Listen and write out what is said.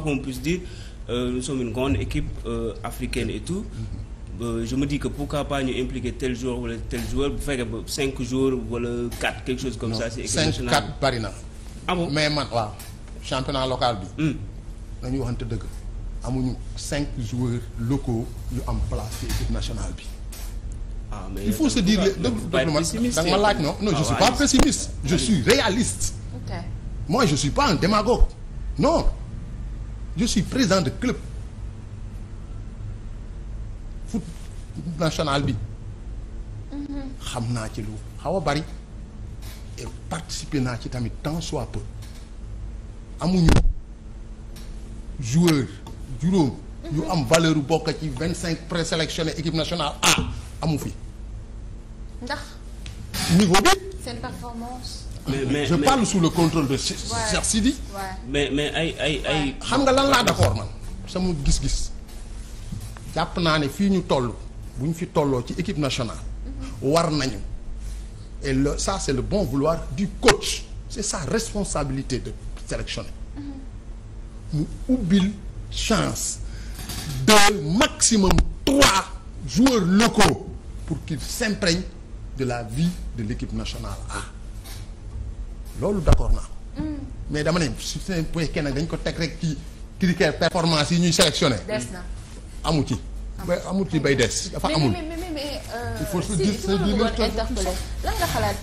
quoi qu'on puisse dire euh, nous sommes une équipe euh, africaine et tout mm-hmm. euh, je me dis que pourquoi pas ñu impliquer tel joueur wala tel joueur bu fekkee ba cinq jours wala quatre quelque chose comme non, ça. c'est cinq quatre na. Ah mais man waaw championnat local bi. Mm. nañu waxante dëgg. amuñu cinq joueurs locaux yu am place fi équipe nationale bi. ah mais il faut se dire déglu déglu man laaj non non je ah, suis pas pessimiste je suis mm. réaliste. ok je suis pas un démagogue non. je suis président de club foot national bi. xam naa ci lu xaw a bari. et participer naa ci tamit tant soit peu amuñu joueur juróom. ñu am valeur bokk ci vingt cinq présélectionné équipe nationale A amu fi. ndax. niveau bi. seen performance. mais mais je parle mais, le contrôle de Cheikh Sidi. mais mais ay ay ay. xam nga lan laa d'accord man sama gis-gis jàpp naa ne fii ñu toll bu ñu fi tolloo ci équipe nationale mhm. war nañu et le ça c'est le bon vouloir du coach c'est sa responsabilité de sélectionner mhm. mu ubbil chance de maximum trois joueurs locaux pour qu'ils s'imprègnent de la vie de l'équipe nationale ah loolu d'accord naa mais dama ne su fekkee nag dañ ko teg rek ci critère performance yi ñuy sélectionné. des amu ci. bay amul ci bay des. dafa amul mais mais mais mais. il faut se dire se dire xalaat.